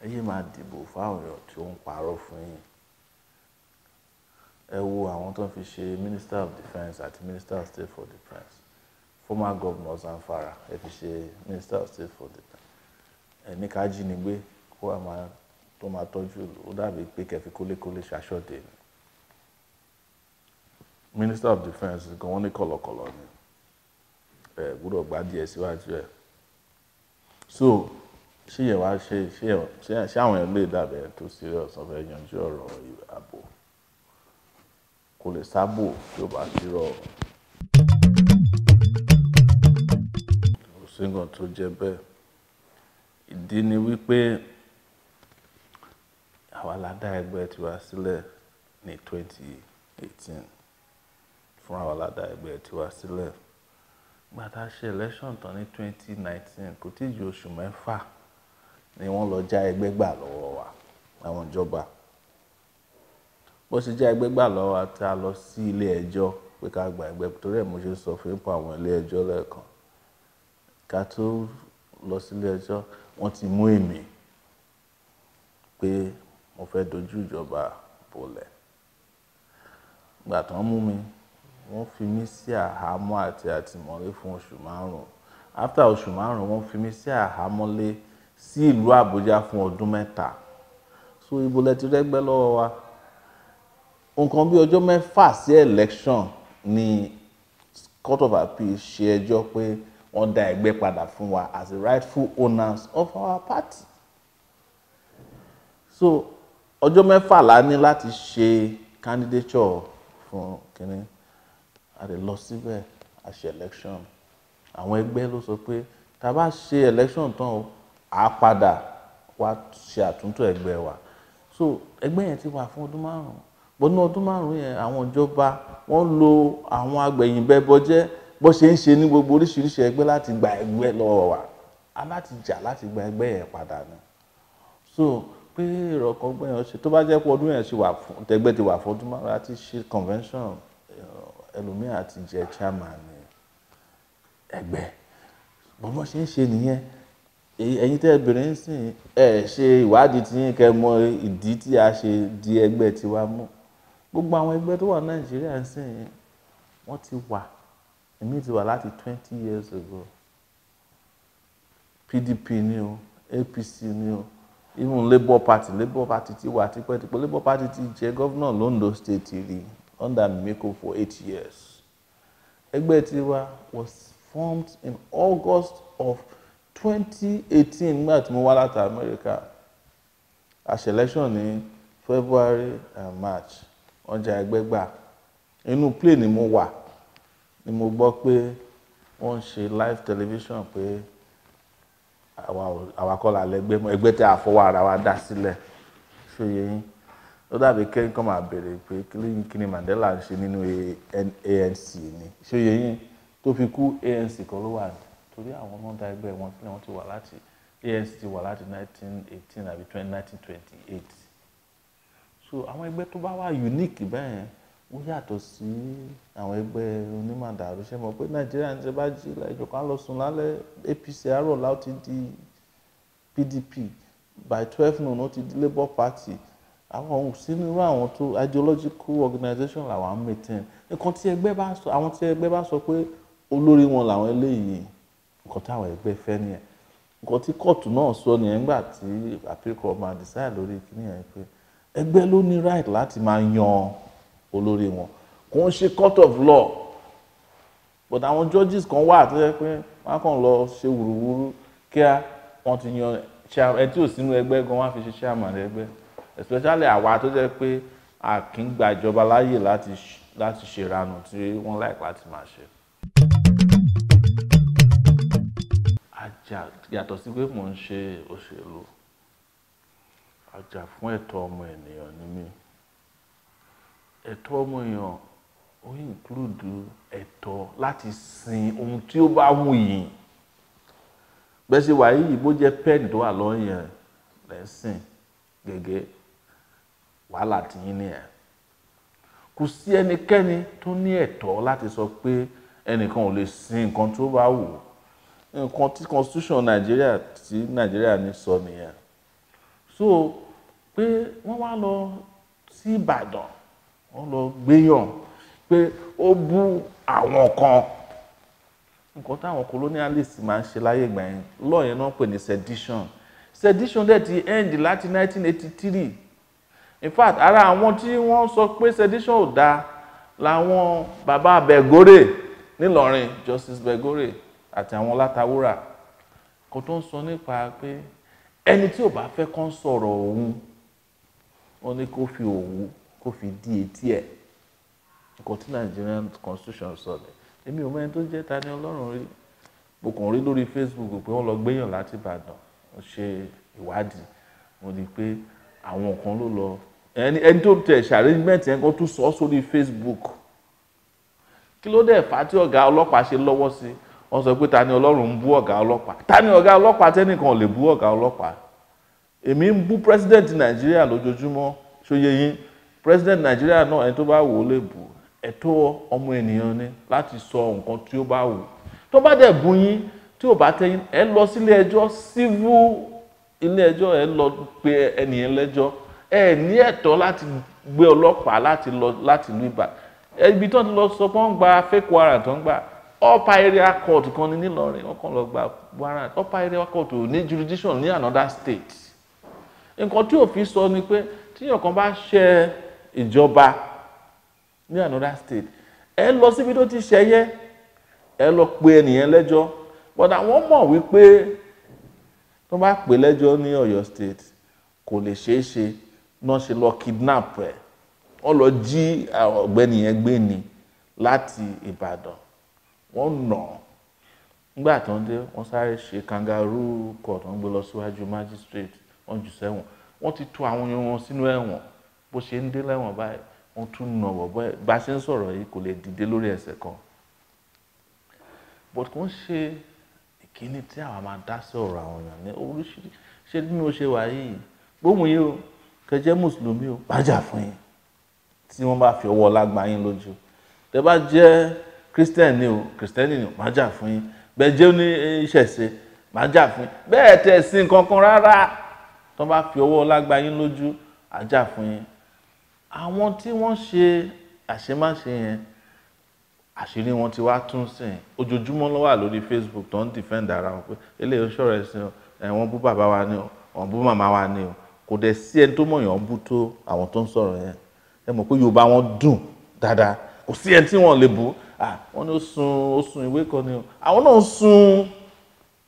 ẹ yé máa dìbò fáwọn èèyàn tí ó ń parọ́ fún yín ẹ wo àwọn tó ń fi ṣe minister of defence àti minister of state for defence former governor Zamfara ẹ fi ṣe minister of state for defence ẹ ní ká jí ni gbé kó a máa tó máa tọ́jú ìlú ó dàbí pé kẹfí kólékólé ṣaṣọ́dẹ ni minister of defence gan wọn ní kọ̀lọ̀kọ̀lọ̀ ni ẹ gbọ́dọ̀ gbá díẹ̀ síwájú ẹ̀ so ṣé yẹn wá ṣe ṣé àwọn ẹ̀ lè dàbẹ̀ tó serious wọn fẹ́ yanjú ọ̀rọ̀ ààbò kò lè sábò tí ó bá ti rọ̀ kò sí nǹkan tó jẹ́ bẹ́ẹ̀ ìdí ni wípé àwa la dá ẹgbẹ́ tiwa sílẹ̀ ní 2018 fún àwa la dá ẹgbẹ́ tiwa sílẹ̀ gbà tá ṣe election tán ní twenty nineteen kò tí ju oṣù mẹ́fà ni wọ́n lọ já ẹgbẹ́ gbà lọ́wọ́ wa àwọn ìjọba bó ṣe já ẹgbẹ́ gbà lọ́wọ́ wa tá a lọ sí ilé ẹjọ́ pé ká gba ẹgbẹ́ torí ẹ̀ mo ṣe sọ fún ipò àwọn ilé ẹjọ́ lẹ́ẹ̀kan ká tó lọ sílé ẹjọ́ wọ́n ti mú èmi pé mo fẹ́ dojú ìjọba bolẹ̀ gbà tán mú mi wọ́n fi mí sí àhámọ́ àti àtìmọ́lé fún oṣù márùn-ún after oṣù márùn-ún wọ́n fi mí sí àhámọ́lé sí ìlú Àbújá fún ọdún mẹ́ta so ibo lẹ rẹ́gbẹ́ lọ́wọ́ wa nǹkan bí ọjọ́ mẹ́fà sí election ni court of appeal ṣe ẹjọ́ pé wọ́n dá ẹgbẹ́ padà fún wa as the rightful owners of our party so ọjọ́ mẹ́fà la ní láti ṣe candidature fún kínní a lè lọ síbẹ̀ a ṣe election àwọn ẹgbẹ́ ló sọ pé tá a bá ṣe election tán o a padà wá ṣe àtúntò ẹgbẹ́ wa so ẹgbẹ́ yẹn ti wà fún ọdún márùn-ún bọ́dún ọdún márùn-ún yẹn àwọn ìjọba wọ́n lo àwọn agbẹ̀yìnbẹ́ bọ́jẹ́ bó ṣe ń ṣe ní gbogbo oríṣiríṣi ẹgbẹ́ láti gba ẹgbẹ́ lọ́wọ́ wa a láti jà láti gba ẹgbẹ́ yẹn padà ni so pé ìrọ̀kọ́gbọ́n yẹn ṣe tó bá jẹ́ pé ọdún yẹn ti wà fún ti wà fún ọdún márùn-ún àti ṣe convention ẹlòmíì àti jẹ chairman ẹgbẹ́ bọ́bọ́ ṣe ń ṣe nìyẹn ẹ̀yin tẹ́ bẹ̀rẹ̀ sìn ẹ̀ ṣe ìwádìí tí yín kẹ́ mọ ìdí tí a ṣe di ẹgbẹ́ tiwa mú gbogbo àwọn ẹgbẹ́ tó wà nàìjíríà sìn wọ́n ti wà èmi ti wà láti twenty years ago PDP ni o APC ni o even Labour Party Labour Party ti wà tipẹ́tipẹ́ Labour Party ti jẹ gọ́vnà londo state rí under Mimiko for eight years. Ẹgbẹ́ Tiwa was formed in August of 2018 nígbà tí mo wá láti America. A ṣe election ní February and March ọjà ẹgbẹ́ gbà. Inú play ni mo wà ni mo gbọ́ pé wọ́n ṣe live television pé àwa kọ́ la lẹ́gbẹ́ mọ́ ẹgbẹ́ tí a fọwọ́ ara wa dá sílẹ̀ ṣòye yín ó dàbí kẹ́ńkọ́ máa béèrè pé kí ni Mandela ń ṣe nínú ANC ni ṣé yẹ yín tó fi kú ANC kan ló wà torí àwọn ọmọ ọ̀dà ẹgbẹ́ wọn sílẹ̀ wọn ti wà láti ANC ti wà láti 1918 àbí 1928 so àwọn ẹgbẹ́ tó bá wà unique bẹ́ẹ̀ ó yàtọ̀ sí àwọn ẹgbẹ́ onímọ̀dàrú ṣe mọ̀ pé Nàìjíríà ń ṣe bá jí ìjọ lọ sùn lálẹ́ APC àárọ̀ láti di PDP by twelve noon ó ti di Labour Party àwọn ò sí nírú àwọn tó ideological organization làwọn ń maintain nǹkan tí ẹgbẹ́ bá sọ àwọn tí ẹgbẹ́ bá sọ pé olórí wọn làwọn eléyìí nǹkan táwọn ẹgbẹ́ fẹ́ nìyẹn nǹkan tí kóòtù náà sọ nìyẹn nígbà tí appeal court máa decide lórí kíní yẹn pé ẹgbẹ́ ló ní right láti máa yan olórí wọn kò ń ṣe court of law but àwọn judges kan wà tó yẹ pé wọn kàn lọ ṣe wùrúwúrú kíá wọn ti yan ẹ tí ò sínú ẹgbẹ́ gan wọn á fi ṣe chairman ẹgbẹ́ especially àwa tó jẹ́ pé a kì í gba ìjọba láàyè láti ṣe ìranù tí wọ́n láì láti máa ṣe. àjà yàtọ̀ sí pé mò ń ṣe òṣèlú àjà fún ẹ̀tọ́ ọmọ ènìyàn ni mí ẹ̀tọ́ ọmọ èèyàn ó include ẹ̀tọ́ láti sin ohun tí ó bá wù yín bẹ́ẹ̀ ṣe wàá yìí bó jẹ́ pẹ́ẹ̀nì tó wà lọ́yìn ẹ̀ lẹ́sìn gẹ́gẹ́ wàhálà ti yín nìyẹn kò sí ẹnikẹ́ni tó ní ẹ̀tọ́ láti sọ pé ẹnìkan ò lè sin nǹkan tó bá wù ú nǹkan tí constitution nàìjíríà tí nàìjíríà ní sọ nìyẹn so pé wọ́n wá lọ sí ìbàdàn wọ́n lọ gbéyàn pé ó bú àwọn kan nǹkan táwọn colonialist máa ń ṣe láyé ìgbà lọ́ọ̀yẹn náà pè ní sedition sedition dẹ̀ ti end láti 1983 in fact ara àwọn tí wọ́n sọ pé sedition ò dáa làwọn bàbá Bẹ̀górè nílọrin Justice Bẹ̀górè àti àwọn Látàwúrà kò tó ń sọ nípa pé ẹni tí ò bá fẹ́ kán sọ̀rọ̀ òun ó ní kó fi òwú kó fi di etí ẹ̀ nǹkan tí Nigerian constitution sọ ni èmi ò mẹ́ni tó jẹ́ Tani Ọlọ́run rí mo kàn rí lórí Facebook pé wọ́n lọ gbéyàn láti Ìbàdàn ṣe ìwádìí mo rí i pé àwọn kan ló lọ ẹni ẹni tó tẹ ṣe arrangement yẹn kan tún sọ sórí Facebook kí ló dé fà á tí ọ̀gá ọlọ́pàá ṣe lọ́wọ́ sí wọ́n sọ pé ta ni Ọlọ́run ń bú ọ̀gá ọlọ́pàá ta ni ọ̀gá ọlọ́pàá tẹ́nìkan ò lè bú ọ̀gá ọlọ́pàá èmi ń bú president Nàìjíríà lójoojúmọ́ ṣòye yín president Nàìjíríà náà ẹni tó bá wò ó lè bù ẹ̀tọ́ ni láti sọ nǹkan tí ó bá wù tó bá dẹ̀ bú yín tí ò bá tẹ́yìn ẹ lọ sílé pe ẹnìyẹn lẹ́jọ́ ẹ ní ẹ̀tọ́ láti gbé ọlọ́pàá láti lọ láti lu ibà ibi tó ń lọ sọ pé wọ́n gba fake warrant tó ń gbà upper area court kan ní nílọrin wọ́n kàn lọ gba warrant upper area court ò ní jurisdiction ní another state nǹkan tí òfin sọ ni pé tíyàn kan bá ṣe ìjọba ní another state ẹ lọ síbi tó ti ṣẹyẹ ẹ lọ pe ẹnìyẹn lẹ́jọ́ but àwọn mọ̀ wípé tó bá pè lẹ́jọ́ ní Ọ̀yọ́ state kò lè ṣeé ṣe náà ṣe lọ kidnap ẹ wọ́n lọ jí ọ̀gbẹ́ni yẹn gbé ni láti Ìbàdàn wọ́n nà án nígbà tó ń dé wọ́n sáré ṣe kangaroo court wọ́n gbé lọ síwájú magistrate wọ́n jù sẹ́wọ̀n wọ́n ti tú àwọn yẹn wọn sínú ẹ̀wọ̀n bó ṣe ń dé lẹ́wọ̀n báyìí wọ́n tún nà bọ̀bọ́ ẹ̀ bá a ṣe ń sọ̀rọ̀ yìí kò lè dìde lórí ẹsẹ̀ kan but kò ń ṣe ìkíni tí àwa máa dá sí ọ̀rọ̀ àwọn èèyàn ní oríṣiríṣi ṣé bí ṣe wà yìí gbóhùn yìí o kẹjẹ́ mùsùlùmí o bájà fún yín tí wọ́n bá fi ọwọ́ lágbá yín lójú tẹ bá jẹ́ kírísítẹ́nì o kírísítẹ́nì o bájà fún yín bẹ́ẹ̀ jẹ́ ní ìṣẹ̀ṣe bájà fún yín bẹ́ẹ̀ tẹ̀ sí kankan rárá tó bá fi ọwọ́ lágbá yín lójú àjà fún yín àwọn tí wọ́n ṣe àṣemáṣe yẹn àṣírí wọn ti wá tún sìn ojoojúmọ́ ló lórí Facebook tó ń dìfẹ́ǹdà ara wọn pé eléyìí ó ṣọ̀rọ̀ ẹ̀sìn o ẹ̀ wọ́n bú bàbá wa ni o wọ́n bú màmá wa ni o kò dẹ̀ sí ẹni tó mọ̀yàn bú tó àwọn tó ń sọ̀rọ̀ yẹn ẹ mọ̀ pé yorùbá wọn dùn dáadáa kò sí ẹni tí wọ́n lè bú wọ́n ní ó sun ó sun ìwé kan ni àwọn náà sun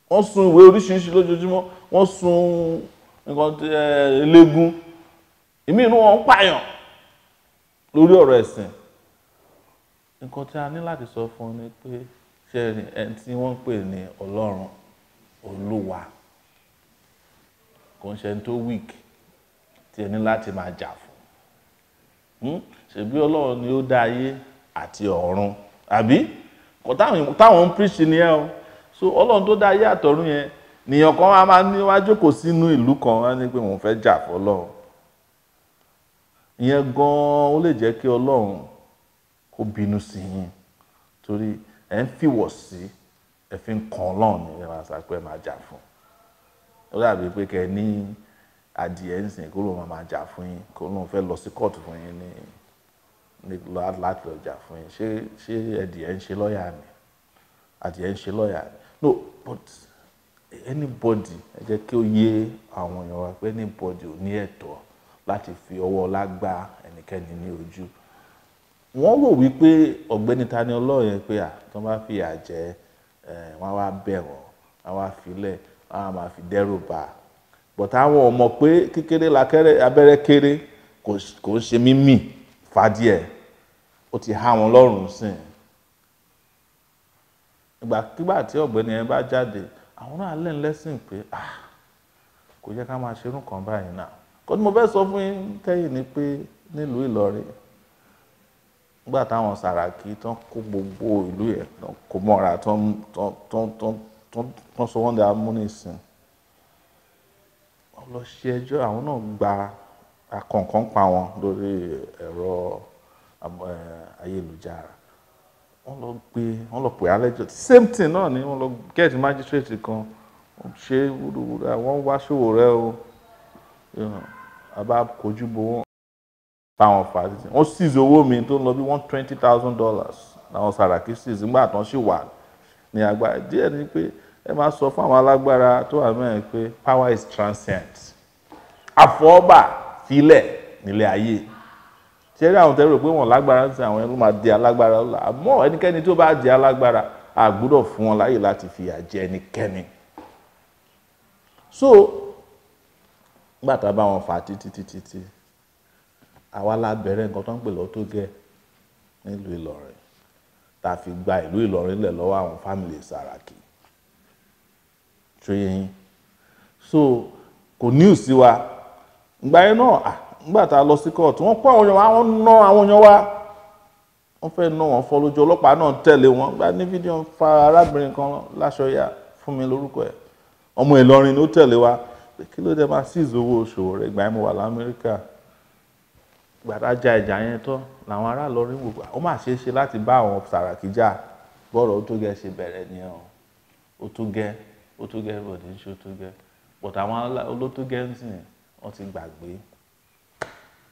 wọ́n sun ìwé oríṣiríṣi lójoojúmọ́ wọ́n sun nǹkan eléégún ìmí inú wọn ń pààyàn lórí ọ̀rọ̀ ẹ̀sìn nǹkan tí a ní láti sọ fún ni pé ṣe ẹni tí wọ́n ń pè ní ọlọ́run olúwa kò ń ṣe ẹni tó weak tí ẹ ní láti máa jà fún hmm? ṣèbí ọlọ́run ni ó dá ayé àti ọ̀run àbí kò táwọn ń píríṣì nìyẹn o so ọlọ́run tó dá ayé àtọ̀run yẹn nìyẹn kan wá máa ní wájú kò sínú ìlú kan wá ní pé òun fẹ́ jà fọlọ́run ìyẹn gan-an ó lè jẹ́ kí ọlọ́run kó bínú sí yín torí ẹ̀ ń fìwọ̀ sí ẹ̀ fi ń kan ọlọ́run ní ẹ̀ pé ẹ̀ máa jà fún ó dàbí pé kẹ́ ẹ ní adìẹ ń sìn kó ló máa jà fún yín kó ló fẹ́ lọ sí kóòtù fún yín ní láti lọ jà fún yín ṣé ṣé adìẹ ń ṣe lọ́ọ̀yà ni adìẹ ń ṣe lọ́ọ̀yà ni no but anybody ẹ jẹ́ kí ó yé àwọn èèyàn wa pé anybody ò ní ẹ̀tọ́ láti fi ọwọ́ ọlá gbá ẹnikẹ́ni ní ojú wọ́n rò wípé ọ̀gbẹ́ni Tani Olohun yẹn pé à tó bá fìyà jẹ ẹ̀ wọ́n á wá bẹ̀ wọ́n á wá filẹ̀ wọ́n á máa fi dẹ́rù bà á but àwọn ò mọ̀ pé kékeré lakẹ́rẹ́ abẹ́rẹ́ kéré kò ń ṣe mímì fadíẹ̀ ó ti há wọn lọ́rùn sí i ìgbàkígbà tí ọ̀gbẹ́ni ẹ bá jáde àwọn náà lẹ́nu lẹ́sìn pé ah kò yẹ ká máa ṣerú kan báyìí náà kó tí mo fẹ́ sọ fún yín kẹ́yìn ni pé nílùú Ìlọrin nígbà táwọn Sàràkí tán kó gbogbo ìlú yẹn kó mọ́ra tán tán tán tán tán sọ wọ́n dé amúnisìn lọ ṣe ẹjọ́ àwọn náà gba akọ̀ǹkan pa wọn lórí ẹ̀rọ ayélujára wọ́n lọ gbé wọ́n lọ pè á same thing náà ni wọ́n lọ get magistrate kan ṣe wúrúwúrú àwọn wá ṣòwò rẹ o àbá kojú bo wọn táwọn fà á títí wọ́n seize owó mi tó ń lọ bí one twenty thousand dollars làwọn Sàràkí seize nígbà tán ṣì wà ní agbára díẹ̀ ni pé ẹ máa sọ fún àwọn alágbára tó wà mẹ́rin pé power is transient àfọwọ́bà filẹ̀ nílé ayé ṣé rí àwọn tẹ́lẹ̀ rò pé wọ́n lágbára ń sin àwọn ẹni ló máa di alágbára ọ̀la àmọ́ ẹnikẹ́ni tó bá di alágbára a gbọ́dọ̀ fún wọn láyè láti fìyà jẹ ẹnikẹ́ni so gbàtà bá wọn fà títí títí tí àwa la bẹ̀rẹ̀ nǹkan tó ń pè lọ́tọ́ gẹ̀ nílùú Ìlọrin tá a fi gba ìlú Ìlọrin lẹ̀ lọ́wọ́ àwọn fámìlì Sàràkí ṣòye yín so kò ní ìsí wa ìgbà yẹn náà nígbà tá a lọ sí kóòtù wọn kó àwọn èèyàn wa wọ́n ná àwọn èèyàn wa wọn fẹ́ ná wọn fọ lójú ọlọ́pàá náà tẹ̀lé wọn gba ní fídíò ń fa arábìnrin kan láṣọyà fún mi lórúkọ ẹ ọmọ Ìlọrin ló tẹ̀lé wa pé kí ló dé máa sí ìzòwò òṣòwò rẹ̀ ìgbà yẹn mo wà lamẹ́ríkà gbàdá ìjà yẹn tán làwọn ará rí wò ó mà ṣeé ṣe láti bá àwọn Sàràkí jà bọ́ọ̀rọ̀ ó tó gẹ́ ṣe bẹ̀rẹ̀ nìyẹn ó tó gẹ́ ó tó gẹ́ everybody ń ṣe ó tó gẹ́ but àwọn olótó gẹ́ǹsìn wọ́n ti gbàgbé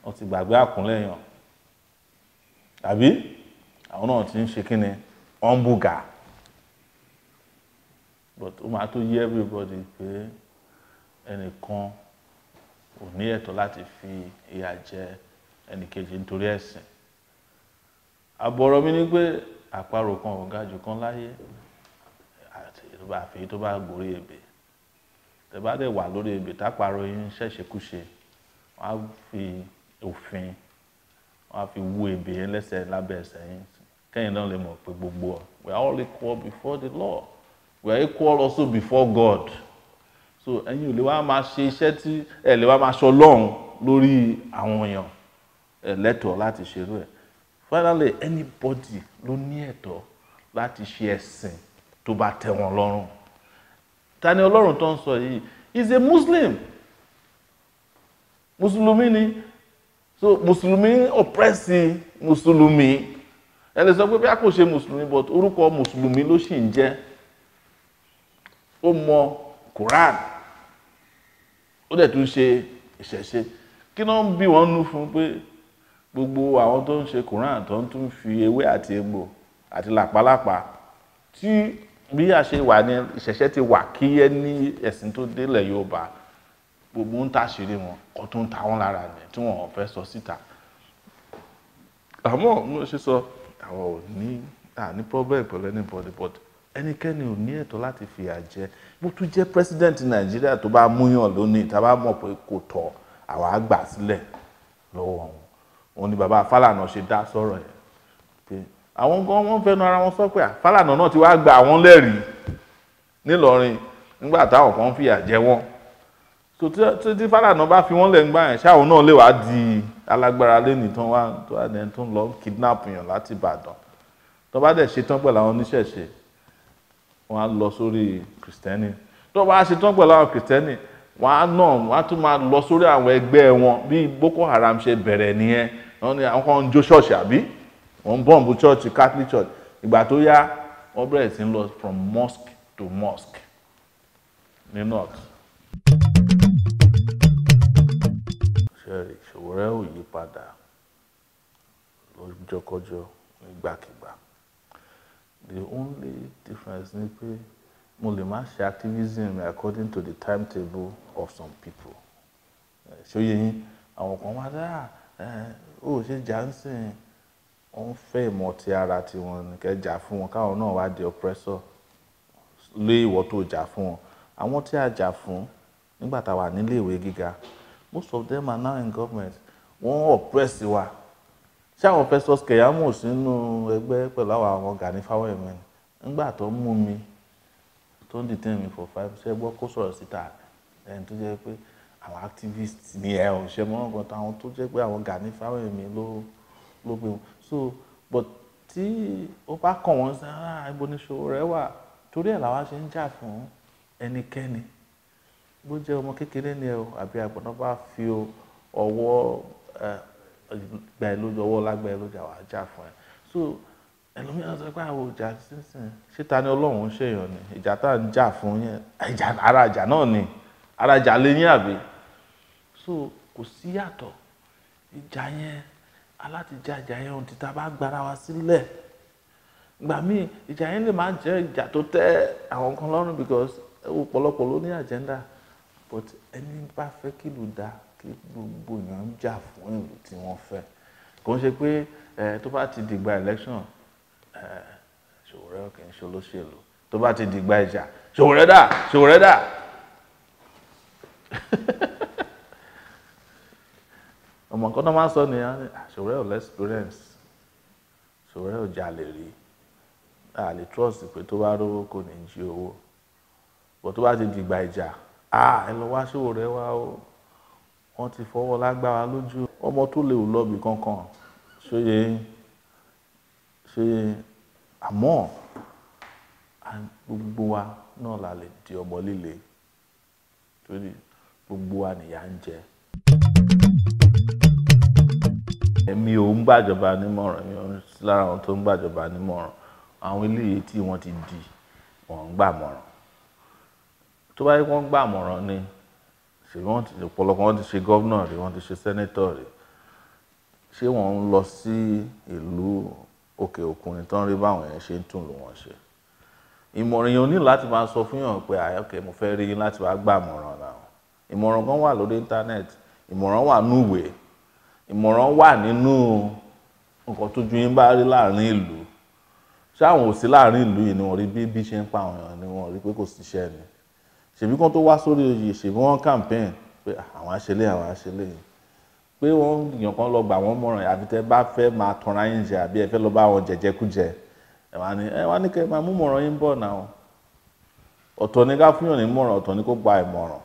wọ́n ti gbàgbé àkúnlẹ̀yàn àbí àwọn náà ti ń ṣe kí ni ọ̀nbùgà but ó máa tó yé everybody pé ẹnìkan ò ní ẹ̀tọ́ láti fi ìyà jẹ ẹnìkejì nítorí ẹ̀sìn àbọ̀rọ̀ mi ni pé àparò kan ò ga jù kan láyé àfi tó bá gorí ebè tẹ bá dẹ̀ wà lórí ebè tápàrọ̀ yín ṣẹ̀ṣẹ̀kúṣe wọ́n á fi òfin wọ́n á fi wú ebè yẹn lẹ́sẹ̀ lábẹ́ ẹsẹ̀ yín kẹ́yìn náà lè mọ̀ pé gbogbo ọ we are all equal before the law we are equal also before God so ẹ̀yin ò lè wá máa ṣe iṣẹ́ tí ẹ̀ lè wá máa ṣọ lọ́hùn lórí àwọn èèyàn ẹ̀ lẹ́tọ̀ọ́ láti ṣerú ẹ̀ finally anybody ló ní ẹ̀tọ́ láti ṣe ẹ̀sìn tó bá tẹ́ wọn lọ́rùn ta ni ọlọ́run tó ń sọ yìí is a muslim mùsùlùmí ni so mùsùlùmí ọ̀pẹ́sì mùsùlùmí ẹ lè sọ pé bí a kò ṣe mùsùlùmí but orúkọ mùsùlùmí ló sì ń jẹ́ ó mọ Quran ó dẹ̀ tún ṣe ìṣẹ̀ṣe kí náà ń bí wọ́n nú fún pé gbogbo àwọn tó ń ṣe Quran tó ń tún fi ewé àti egbò àti làpálàpá tí bí a ṣe wà ní ìṣẹ̀ṣẹ̀ ti wà kí ẹ ní ẹ̀sìn tó délẹ̀ Yorùbá gbogbo ń tàṣírí wọn kó tó ń ta wọn lára ní tí wọn fẹ́ sọ síta àmọ́ mo ṣe sọ àwọn ò ní à ní problem pẹ̀lú anybody but ẹnikẹ́ni ò ní ẹ̀tọ́ láti fìyà jẹ bó tún jẹ́ president Nàìjíríà tó bá múyàn lónìí tá a bá mọ̀ pé kò tọ́ àwa á sílẹ̀ lọ́wọ́ wọn ni bàbá Fálànà ṣe dá sọ̀rọ̀ yẹn àwọn gan wọ́n fẹnu ara wọn sọ pé Fálànà náà ti wá gba àwọn lẹ́rìí nílọrin nígbà táwọn kan fìyà jẹ wọ́n so tí Fálànà bá fi wọ́n lẹ̀ ń gbà yẹn ṣáà òun náà lè wá di alágbára lẹ́nìí tán wá tó àdé tó ń lọ kidnap yàn láti Ìbàdàn tó bá dẹ̀ ṣetán pẹ̀lú àwọn oníṣẹ̀ṣe wọ́n á lọ sórí kìrìsìtẹ́nì tó bá ṣetán pẹ̀lú àwọn kìrìsìtẹ́nì wọ́n á nà wọ́n á tún máa lọ sórí àwọn ẹgbẹ́ wọn bí Boko Haram ṣe bẹ̀rẹ̀ nìyẹn wọ́n ní àwọn kan ń jó ṣọ́ọ̀ṣì àbí wọ́n bọ̀m̀bù church Catholic church ìgbà tó yá wọ́n bẹ̀rẹ̀ sí lọ from mosque to mosque ní north. Ṣòwòrẹ́ ò yí padà lọ́jọ́kọ́jọ́ nígbàkigbà the only difference ni pé mo lè má ṣe activism according to the timetable of some people ṣóyè yín àwọn kan wá dáa ó ṣe jà ń sìn wọ́n fẹ́ ìmọ̀ ti ara tiwọn nìkẹ́ jà fún wọn káwọn náà wá di oppressor lé ìwọ tó jà fún wọn àwọn tí a jà fún nígbà tá a wà nílé ìwé gíga most of them are now in government wọ́n oppress wa ṣé àwọn pẹ́sọ́s kẹ̀yàmù sínú ẹgbẹ́ pẹ̀lú àwọn àwọn Gani Fáwẹ́mi nígbà tó mú mi tó ń detain mi for five ṣe gbọ́ kó sọ̀rọ̀ síta ẹni tó jẹ́ pé àwọn activists ni ẹ̀ ò ṣe mọ́ àwọn tó jẹ́ pé àwọn Gani Fáwẹ́mi ló ló gbé so but tí ó bá kàn wọ́n sí ah ibo ni ṣòro rẹ wà torí ẹ̀ làwa ṣe ń jà fún ẹnikẹ́ni bó jẹ́ ọmọ kékeré ni ẹ o àbí àgbọ̀nà bá fi ọwọ́ gbà ẹ lójú ọwọ́ lágbà ẹ lójú àwọn ajá fún ẹ so ẹlòmíràn sọ pé àwọn ìjà sísìn ṣé ta ni ọlọ́run ń ṣèyàn ni ìjà tá à ń jà fún yẹn ìjà ara ìjà náà ni ara ìjà lè yín àbí so kò sí yàtọ̀ ìjà yẹn alátijọ́ àjà yẹn ohun títa bá gbára wa sílẹ̀ gbà míì ìjà yẹn lè má jẹ́ ìjà tó tẹ́ àwọn kan lọ́rùn because ọ̀pọ̀lọpọ̀ ló ní agenda but ẹni bá fẹ́ kí ìlú dá kí gbogbo èèyàn ń jà fún ìlú tí wọ́n fẹ́ kò ń ṣe pé tó bá ti dìgbà election Ṣòwòrẹ́ kì í ṣe olóṣèlú tó bá ti dìgbà ìjà Ṣòwòrẹ́ dà Ṣòwòrẹ́ dà. ọmọ nǹkan tó máa ń sọ ni ṣòwúrẹ́ ò lẹ́sìpírẹ́ǹsì ṣòwúrẹ́ ò jalè rí a lè trust pé tó bá rówó kò ní jí owó bó tó bá ti dìgbà ìjà a ẹ lọ wá ṣòwúrẹ́ wá o wọ́n ti fọwọ́ lágbára lójú ọmọ tó lè ò lọ́ọ̀bì kankan ṣóye ṣóye àmọ́ gbogbo wa náà la lè di ọmọ líle torí gbogbo wa nìyà ń jẹ. èmi ò ń gbàjọba nímọ̀ràn èmi ò ń lára àwọn tó ń gbàjọba nímọ̀ràn àwọn eléyìí tí wọ́n ti di wọ́n ń gbàmọ̀ràn tó bá yẹ kí wọ́n gbàmọ̀ràn ni ṣe wọ́n ti ọ̀pọ̀lọpọ̀ wọ́n ti ṣe gọ́vnà rí wọ́n ti ṣe sẹ́nẹ́tọ̀ rí ṣé wọ́n ń lọ sí ìlú òkè òkun tán rí báwọn yẹn ṣe ń tún lù wọ́n ṣe ìmọ̀ràn yẹn ò ní láti máa sọ fún yàn pé àyọkẹ́ mo fẹ́ rí yín láti wá gbàmọ̀ràn náà ìmọ̀ràn kan wà lórí íńtánẹ́ẹ̀tì ìmọ̀ràn wà núwèé ìmọ̀ràn wà nínú nǹkan tó ju yín bá rí láàrin ìlú ṣé àwọn òsì láàrin ìlú yìí ni wọ́n rí bí bí ṣe ń pa àwọn èèyàn ni wọ́n rí pé kò síṣẹ́ ni ṣèbí kan tó wá sórí oyè ṣèbí wọ́n campaign pé ah, àwọn aṣelé àwọn aṣelé yìí pé wọ́n èèyàn kan lọ gbà wọ́n mọ̀ràn àbí tẹ́ bá fẹ́ máa tanra yín jẹ àbí ẹ fẹ́ lọ bá wọn jẹjẹkújẹ ẹ wá ní ẹ wá ní kẹ́ máa mú mọ̀ràn yín bọ̀ náà ọ̀tọ̀ ni ká fúnyàn